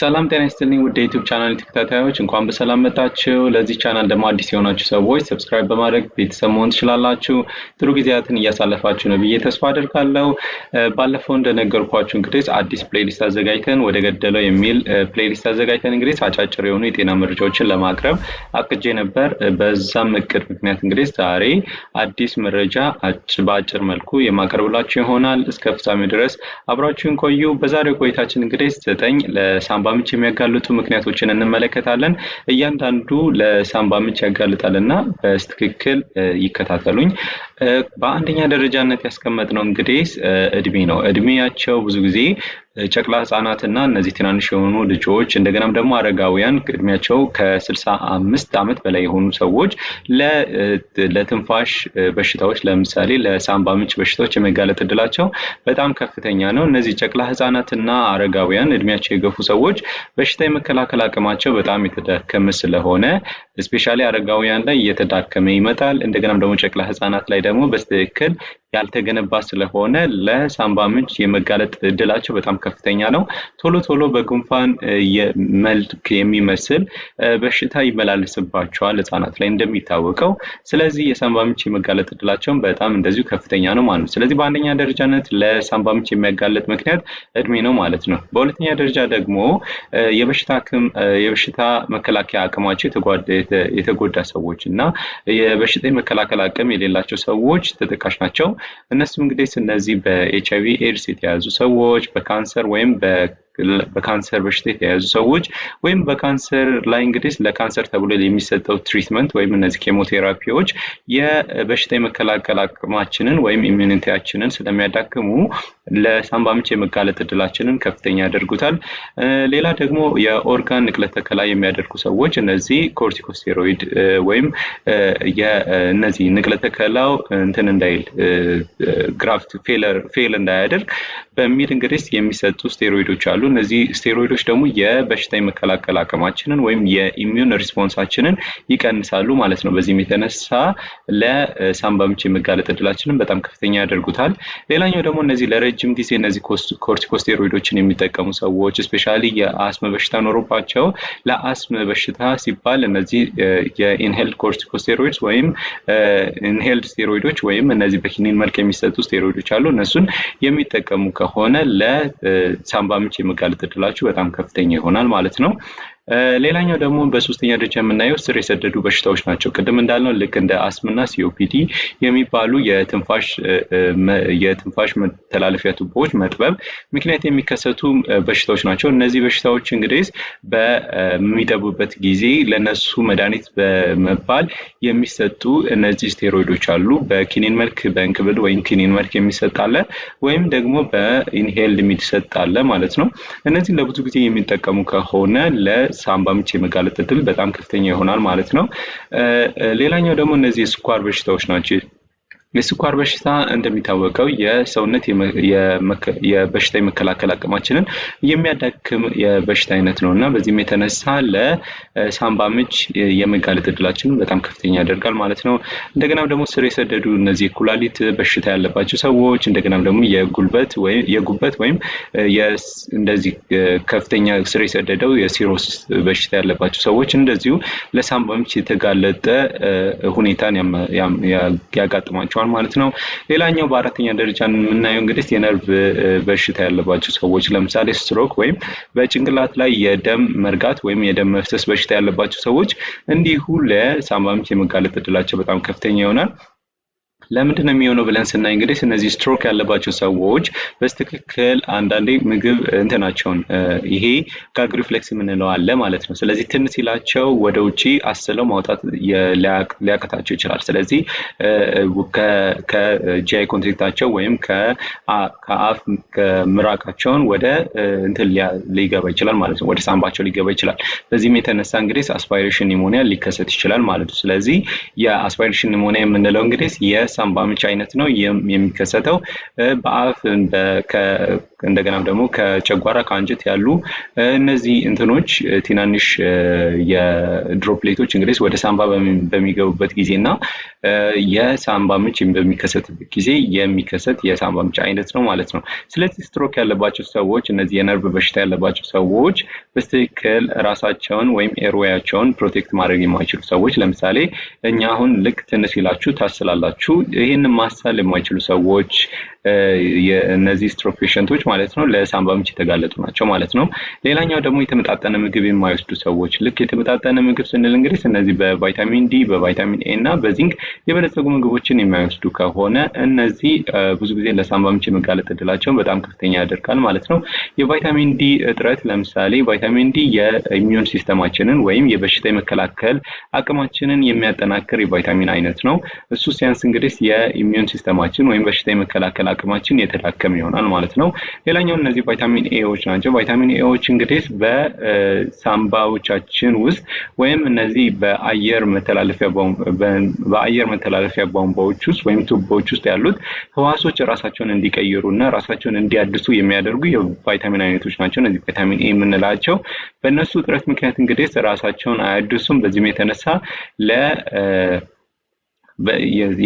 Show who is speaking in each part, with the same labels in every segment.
Speaker 1: ሰላም ጤና ይስጥልኝ ውድ የዩቲዩብ ቻናል ተከታታዮች እንኳን በሰላም መጣችሁ። ለዚህ ቻናል ደግሞ አዲስ የሆናችሁ ሰዎች ሰብስክራይብ በማድረግ ቤተሰብ መሆን ትችላላችሁ። ጥሩ ጊዜያትን እያሳለፋችሁ ነው ብዬ ተስፋ አደርጋለሁ። ባለፈው እንደነገርኳችሁ እንግዲህ አዲስ ፕሌሊስት አዘጋጅተን ወደ ገደለው የሚል ፕሌሊስት አዘጋጅተን እንግዲህ አጫጭር የሆኑ የጤና መረጃዎችን ለማቅረብ አቅጄ ነበር። በዛም እቅድ ምክንያት እንግዲህ ዛሬ አዲስ መረጃ በአጭር መልኩ የማቀርብላችሁ ይሆናል። እስከ ፍጻሜ ድረስ አብራችሁን ቆዩ። በዛሬው ቆይታችን እንግዲህ ዘጠኝ ለሳምባ ምች የሚያጋልጡ ምክንያቶችን እንመለከታለን። እያንዳንዱ ለሳምባ ምች ያጋልጣል እና በስትክክል ይከታተሉኝ። በአንደኛ ደረጃነት ያስቀመጥነው እንግዲህ እድሜ ነው። እድሜያቸው ብዙ ጊዜ ጨቅላ ህጻናትና እነዚህ ትናንሽ የሆኑ ልጆች እንደገናም ደግሞ አረጋውያን እድሜያቸው ከስልሳ አምስት ዓመት በላይ የሆኑ ሰዎች ለትንፋሽ በሽታዎች ለምሳሌ ለሳምባ ምች በሽታዎች የመጋለጥ እድላቸው በጣም ከፍተኛ ነው። እነዚህ ጨቅላ ህጻናትና አረጋውያን እድሜያቸው የገፉ ሰዎች በሽታ የመከላከል አቅማቸው በጣም የተዳከመ ስለሆነ ስፔሻሊ አረጋውያን ላይ እየተዳከመ ይመጣል። እንደገናም ደግሞ ጨቅላ ህጻናት ላይ ደግሞ በትክክል ያልተገነባ ስለሆነ ለሳምባ ምች የመጋለጥ እድላቸው በጣም ከፍተኛ ነው። ቶሎ ቶሎ በጉንፋን መልክ የሚመስል በሽታ ይመላለስባቸዋል ህጻናት ላይ እንደሚታወቀው። ስለዚህ የሳምባ ምች የመጋለጥ እድላቸውን በጣም እንደዚሁ ከፍተኛ ነው ማለት ነው። ስለዚህ በአንደኛ ደረጃነት ለሳምባ ምች የሚያጋለጥ ምክንያት እድሜ ነው ማለት ነው። በሁለተኛ ደረጃ ደግሞ የበሽታ መከላከያ አቅማቸው የተጎዳ ሰዎች እና የበሽታ መከላከል አቅም የሌላቸው ሰዎች ተጠቃሽ ናቸው። እነሱም እንግዲህ እነዚህ በኤች አይቪ ኤድስ የተያዙ ሰዎች በካንሰር ወይም በካንሰር በሽታ የተያዙ ሰዎች ወይም በካንሰር ላይ እንግዲህ ለካንሰር ተብሎ የሚሰጠው ትሪትመንት ወይም እነዚህ ኬሞቴራፒዎች የበሽታ የመከላከል አቅማችንን ወይም ኢሚኒቲያችንን ስለሚያዳክሙ ለሳምባ ምች የመጋለጥ እድላችንን ከፍተኛ ያደርጉታል። ሌላ ደግሞ የኦርጋን ንቅለ ተከላ የሚያደርጉ ሰዎች እነዚህ ኮርቲኮስቴሮይድ ወይም እነዚህ ንቅለ ተከላው እንትን እንዳይል ግራፍት ፌል እንዳያደርግ በሚል እንግዲህ የሚሰጡ ስቴሮይዶች አሉ። እነዚህ ስቴሮይዶች ደግሞ የበሽታ የመከላከል አቅማችንን ወይም የኢሚዩን ሪስፖንሳችንን ይቀንሳሉ ማለት ነው። በዚህም የተነሳ ለሳምባ ምች የመጋለጥ እድላችንን በጣም ከፍተኛ ያደርጉታል። ሌላኛው ደግሞ እነዚህ ለረጅም ጊዜ እነዚህ ኮርቲኮስቴሮይዶችን የሚጠቀሙ ሰዎች ስፔሻሊ የአስም በሽታ ኖሮባቸው ለአስም በሽታ ሲባል እነዚህ የኢንሄልድ ኮርቲኮስቴሮይድስ ወይም ኢንሄልድ ስቴሮይዶች ወይም እነዚህ በኪኒን መልክ የሚሰጡ ስቴሮይዶች አሉ። እነሱን የሚጠቀሙ ከሆነ ለሳምባ ምች የመጋለጥ እድላችሁ በጣም ከፍተኛ ይሆናል ማለት ነው። ሌላኛው ደግሞ በሶስተኛ ደረጃ የምናየው ስር የሰደዱ በሽታዎች ናቸው። ቅድም እንዳልነው ልክ እንደ አስምና ሲኦፒዲ የሚባሉ የትንፋሽ መተላለፊያ ቱቦዎች መጥበብ ምክንያት የሚከሰቱ በሽታዎች ናቸው። እነዚህ በሽታዎች እንግዲህ በሚጠቡበት ጊዜ ለነሱ መድኃኒት በመባል የሚሰጡ እነዚህ ስቴሮይዶች አሉ። በኪኒን መልክ በእንክብል ወይም ኪኒን መልክ የሚሰጣለ ወይም ደግሞ በኢንሄል የሚሰጣለ ማለት ነው። እነዚህ ለብዙ ጊዜ የሚጠቀሙ ከሆነ ሳምባ ምች የመጋለጥ እድል በጣም ከፍተኛ ይሆናል ማለት ነው። ሌላኛው ደግሞ እነዚህ የስኳር በሽታዎች ናቸው። የስኳር በሽታ እንደሚታወቀው የሰውነት የበሽታ የመከላከል አቅማችንን የሚያዳክም የበሽታ አይነት ነው እና በዚህም የተነሳ ለሳምባ ምች የመጋለጥ እድላችንን በጣም ከፍተኛ ያደርጋል ማለት ነው። እንደገናም ደግሞ ስር የሰደዱ እነዚህ ኩላሊት በሽታ ያለባቸው ሰዎች እንደገናም ደግሞ የጉልበት የጉበት ወይም እንደዚህ ከፍተኛ ስር የሰደደው የሲሮስ በሽታ ያለባቸው ሰዎች እንደዚሁ ለሳምባ ምች የተጋለጠ ሁኔታን ያጋጥማቸዋል። ተጠቅሷል ማለት ነው። ሌላኛው በአራተኛ ደረጃ የምናየው እንግዲህ የነርቭ በሽታ ያለባቸው ሰዎች ለምሳሌ ስትሮክ ወይም በጭንቅላት ላይ የደም መርጋት ወይም የደም መፍሰስ በሽታ ያለባቸው ሰዎች እንዲሁ ለሳምባ ምች የመጋለጥ እድላቸው በጣም ከፍተኛ ይሆናል። ለምንድን ነው የሚሆነው ብለን ስናይ እንግዲህ እነዚህ ስትሮክ ያለባቸው ሰዎች በስትክክል አንዳንዴ ምግብ እንትናቸውን ይሄ ጋግ ሪፍሌክስ የምንለው አለ ማለት ነው። ስለዚህ ትን ሲላቸው ወደ ውጭ አስለው ማውጣት ሊያቅታቸው ይችላል። ስለዚህ ከጂአይ ኮንትሪክታቸው ወይም ከአፍ ምራቃቸውን ወደ እንትን ሊገባ ይችላል ማለት ነው፣ ወደ ሳምባቸው ሊገባ ይችላል። በዚህም የተነሳ እንግዲህ አስፓይሬሽን ኒሞኒያ ሊከሰት ይችላል ማለት ነው። ስለዚህ የአስፓይሬሽን ኒሞኒያ የምንለው እንግዲህ ሳምባ ምች አይነት ነው የሚከሰተው። በአፍ እንደገናም ደግሞ ከጨጓራ ከአንጀት ያሉ እነዚህ እንትኖች ትናንሽ የድሮፕሌቶች እንግዲህ ወደ ሳምባ በሚገቡበት ጊዜ እና የሳምባ ምች በሚከሰትበት ጊዜ የሚከሰት የሳምባ ምች አይነት ነው ማለት ነው። ስለዚህ ስትሮክ ያለባቸው ሰዎች እነዚህ የነርቭ በሽታ ያለባቸው ሰዎች በትክክል ራሳቸውን ወይም ኤርዌያቸውን ፕሮቴክት ማድረግ የማይችሉ ሰዎች ለምሳሌ እኛ አሁን ልክ ትንሽ ይላችሁ ታስላላችሁ ይህን ማሳል የማይችሉ ሰዎች እነዚህ ስትሮክ ፔሽንቶች ማለት ነው ለሳምባ ምች የተጋለጡ ናቸው ማለት ነው። ሌላኛው ደግሞ የተመጣጠነ ምግብ የማይወስዱ ሰዎች ልክ የተመጣጠነ ምግብ ስንል እንግዲህ እነዚህ በቫይታሚን ዲ፣ በቫይታሚን ኤ እና በዚንክ የበለጸጉ ምግቦችን የማይወስዱ ከሆነ እነዚህ ብዙ ጊዜ ለሳምባ ምች የመጋለጥ እድላቸውን በጣም ከፍተኛ ያደርጋል ማለት ነው። የቫይታሚን ዲ እጥረት ለምሳሌ ቫይታሚን ዲ የኢሚዩን ሲስተማችንን ወይም የበሽታ የመከላከል አቅማችንን የሚያጠናክር የቫይታሚን አይነት ነው። እሱ ሲያንስ እንግዲህ የኢሚዩን ሲስተማችን ወይም በሽታ የመከላከል አቅማችን የተዳከመ ይሆናል ማለት ነው። ሌላኛው እነዚህ ቫይታሚን ኤዎች ናቸው። ቫይታሚን ኤዎች እንግዲህ በሳምባዎቻችን ውስጥ ወይም እነዚህ በአየር መተላለፊያ ቧንቧዎች ውስጥ ወይም ቱቦዎች ውስጥ ያሉት ህዋሶች ራሳቸውን እንዲቀይሩ እና ራሳቸውን እንዲያድሱ የሚያደርጉ የቫይታሚን አይነቶች ናቸው። እነዚህ ቫይታሚን ኤ የምንላቸው በእነሱ እጥረት ምክንያት እንግዲህ ራሳቸውን አያድሱም። በዚህም የተነሳ ለ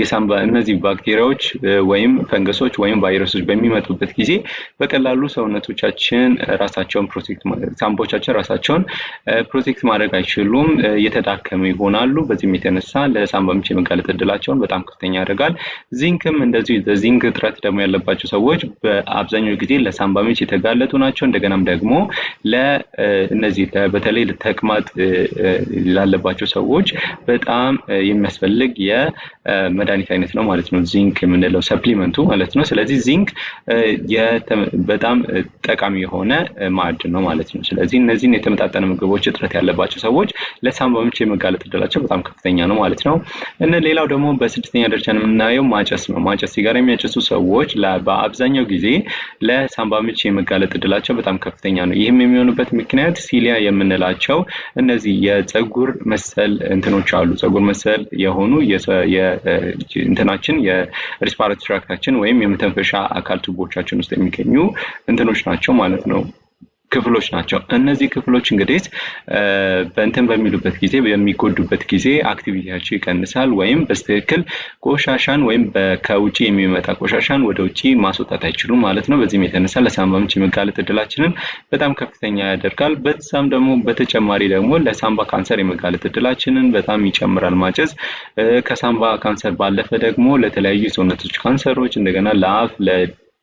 Speaker 1: የሳንባ እነዚህ ባክቴሪያዎች ወይም ፈንገሶች ወይም ቫይረሶች በሚመጡበት ጊዜ በቀላሉ ሰውነቶቻችን ራሳቸውን ፕሮቴክት ሳምባዎቻችን ራሳቸውን ፕሮቴክት ማድረግ አይችሉም፣ የተዳከሙ ይሆናሉ። በዚህም የተነሳ ለሳንባ ምች የመጋለጥ እድላቸውን በጣም ከፍተኛ ያደርጋል። ዚንክም እንደዚሁ ዚንክ እጥረት ደግሞ ያለባቸው ሰዎች በአብዛኛው ጊዜ ለሳንባ ምች የተጋለጡ ናቸው። እንደገናም ደግሞ ለእነዚህ በተለይ ተቅማጥ ላለባቸው ሰዎች በጣም የሚያስፈልግ የ መድኃኒት አይነት ነው ማለት ነው፣ ዚንክ የምንለው ሰፕሊመንቱ ማለት ነው። ስለዚህ ዚንክ በጣም ጠቃሚ የሆነ ማዕድን ነው ማለት ነው። ስለዚህ እነዚህን የተመጣጠነ ምግቦች እጥረት ያለባቸው ሰዎች ለሳምባምች ምች የመጋለጥ እድላቸው በጣም ከፍተኛ ነው ማለት ነው። እና ሌላው ደግሞ በስድስተኛ ደረጃ የምናየው ማጨስ ነው። ማጨስ ሲጋራ የሚያጨሱ ሰዎች በአብዛኛው ጊዜ ለሳምባ ምች የመጋለጥ እድላቸው በጣም ከፍተኛ ነው። ይህም የሚሆኑበት ምክንያት ሲሊያ የምንላቸው እነዚህ የፀጉር መሰል እንትኖች አሉ። ፀጉር መሰል የሆኑ እንትናችን የሪስፓራቶሪ ትራክታችን ወይም የመተንፈሻ አካል ቱቦቻችን ውስጥ የሚገኙ እንትኖች ናቸው ማለት ነው። ክፍሎች ናቸው። እነዚህ ክፍሎች እንግዲህ በእንትን በሚሉበት ጊዜ በሚጎዱበት ጊዜ አክቲቪቲያቸው ይቀንሳል፣ ወይም በስትክክል ቆሻሻን ወይም ከውጭ የሚመጣ ቆሻሻን ወደ ውጭ ማስወጣት አይችሉም ማለት ነው። በዚህም የተነሳ ለሳንባ ምች የመጋለጥ እድላችንን በጣም ከፍተኛ ያደርጋል። በዛም ደግሞ በተጨማሪ ደግሞ ለሳንባ ካንሰር የመጋለጥ እድላችንን በጣም ይጨምራል ማጨስ። ከሳንባ ካንሰር ባለፈ ደግሞ ለተለያዩ የሰውነቶች ካንሰሮች እንደገና ለአፍ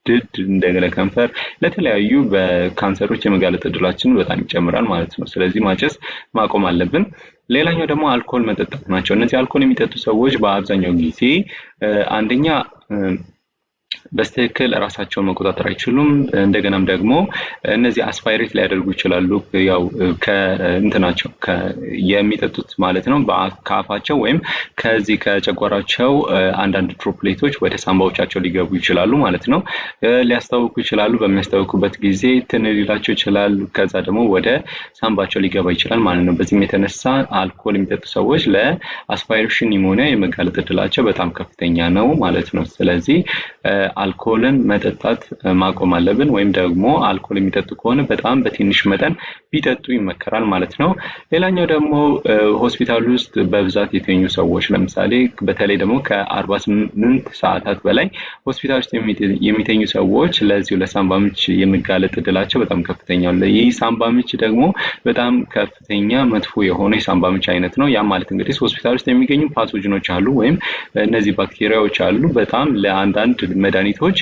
Speaker 1: ድድ እንደገለ ከንፈር ለተለያዩ በካንሰሮች የመጋለጥ እድላችን በጣም ይጨምራል ማለት ነው። ስለዚህ ማጨስ ማቆም አለብን። ሌላኛው ደግሞ አልኮል መጠጣት ናቸው። እነዚህ አልኮል የሚጠጡ ሰዎች በአብዛኛው ጊዜ አንደኛ በስተክል ራሳቸውን መቆጣጠር አይችሉም። እንደገናም ደግሞ እነዚህ አስፓይሬት ሊያደርጉ ይችላሉ። ያው ከእንትናቸው የሚጠጡት ማለት ነው ከአፋቸው ወይም ከዚህ ከጨጓራቸው አንዳንድ ድሮፕሌቶች ወደ ሳንባዎቻቸው ሊገቡ ይችላሉ ማለት ነው። ሊያስታውኩ ይችላሉ። በሚያስታውኩበት ጊዜ ትን ሊላቸው ይችላል። ከዛ ደግሞ ወደ ሳንባቸው ሊገባ ይችላል ማለት ነው። በዚህም የተነሳ አልኮል የሚጠጡ ሰዎች ለአስፓይሬሽን ኒሞኒያ የመጋለጥ እድላቸው በጣም ከፍተኛ ነው ማለት ነው። ስለዚህ አልኮልን መጠጣት ማቆም አለብን፣ ወይም ደግሞ አልኮል የሚጠጡ ከሆነ በጣም በትንሽ መጠን ቢጠጡ ይመከራል ማለት ነው። ሌላኛው ደግሞ ሆስፒታል ውስጥ በብዛት የተኙ ሰዎች ለምሳሌ በተለይ ደግሞ ከአርባ ስምንት ሰዓታት በላይ ሆስፒታል ውስጥ የሚተኙ ሰዎች ለዚሁ ለሳምባምች ምች የመጋለጥ እድላቸው በጣም ከፍተኛ ነው። ይህ ሳምባ ምች ደግሞ በጣም ከፍተኛ መጥፎ የሆነ የሳምባ ምች አይነት ነው። ያም ማለት እንግዲህ ሆስፒታል ውስጥ የሚገኙ ፓቶጅኖች አሉ፣ ወይም እነዚህ ባክቴሪያዎች አሉ በጣም ለአንዳንድ መድኃኒት አትሌቶች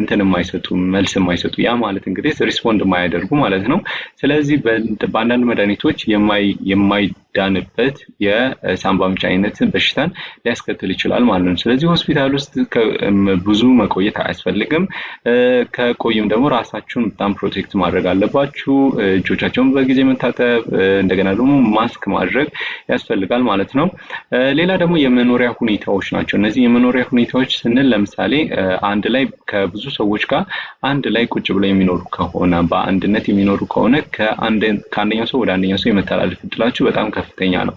Speaker 1: እንትን የማይሰጡ መልስ የማይሰጡ ያ ማለት እንግዲህ ሪስፖንድ የማያደርጉ ማለት ነው። ስለዚህ በአንዳንድ መድኃኒቶች የማይ ዳንበት የሳንባ ምች አይነት በሽታን ሊያስከትል ይችላል ማለት ነው። ስለዚህ ሆስፒታል ውስጥ ብዙ መቆየት አያስፈልግም። ከቆዩም ደግሞ ራሳችሁን በጣም ፕሮቴክት ማድረግ አለባችሁ። እጆቻቸውን በጊዜ መታጠብ፣ እንደገና ደግሞ ማስክ ማድረግ ያስፈልጋል ማለት ነው። ሌላ ደግሞ የመኖሪያ ሁኔታዎች ናቸው። እነዚህ የመኖሪያ ሁኔታዎች ስንል ለምሳሌ አንድ ላይ ከብዙ ሰዎች ጋር አንድ ላይ ቁጭ ብለው የሚኖሩ ከሆነ በአንድነት የሚኖሩ ከሆነ ከአንደኛው ሰው ወደ አንደኛው ሰው የመተላለፍ እድላችሁ በጣም ከፍ ከፍተኛ ነው።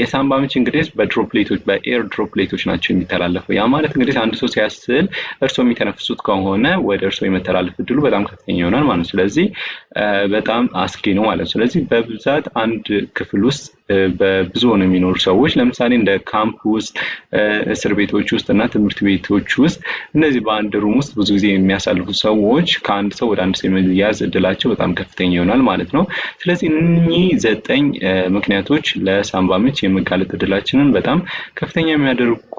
Speaker 1: የሳምባ ምች እንግዲህ በድሮፕሌቶች በኤር ድሮፕሌቶች ናቸው የሚተላለፈው። ያ ማለት እንግዲህ አንድ ሰው ሲያስል እርሶ የሚተነፍሱት ከሆነ ወደ እርሶ የመተላለፍ እድሉ በጣም ከፍተኛ ይሆናል ማለት ነው። ስለዚህ በጣም አስጊ ነው ማለት ነው። ስለዚህ በብዛት አንድ ክፍል ውስጥ በብዙ ሆነው የሚኖሩ ሰዎች ለምሳሌ እንደ ካምፕ ውስጥ፣ እስር ቤቶች ውስጥ እና ትምህርት ቤቶች ውስጥ እነዚህ በአንድ ሩም ውስጥ ብዙ ጊዜ የሚያሳልፉ ሰዎች ከአንድ ሰው ወደ አንድ ሰው የመያዝ እድላቸው በጣም ከፍተኛ ይሆናል ማለት ነው። ስለዚህ እኚህ ዘጠኝ ምክንያቶች አይነቶች ለሳንባ ምች የመጋለጥ እድላችንን በጣም ከፍተኛ የሚያደርጉ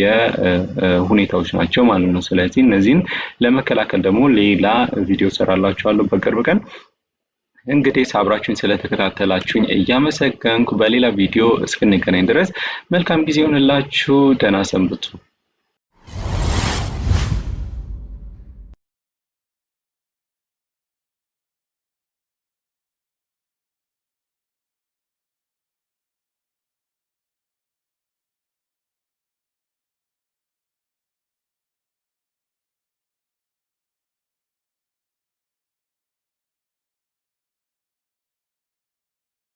Speaker 1: የሁኔታዎች ናቸው ማለት ነው። ስለዚህ እነዚህን ለመከላከል ደግሞ ሌላ ቪዲዮ ሰራላችኋለሁ በቅርብ ቀን። እንግዲህ አብራችሁኝ ስለተከታተላችሁኝ እያመሰገንኩ በሌላ ቪዲዮ እስክንገናኝ ድረስ መልካም ጊዜ ይሁንላችሁ። ደህና ሰንብቱ።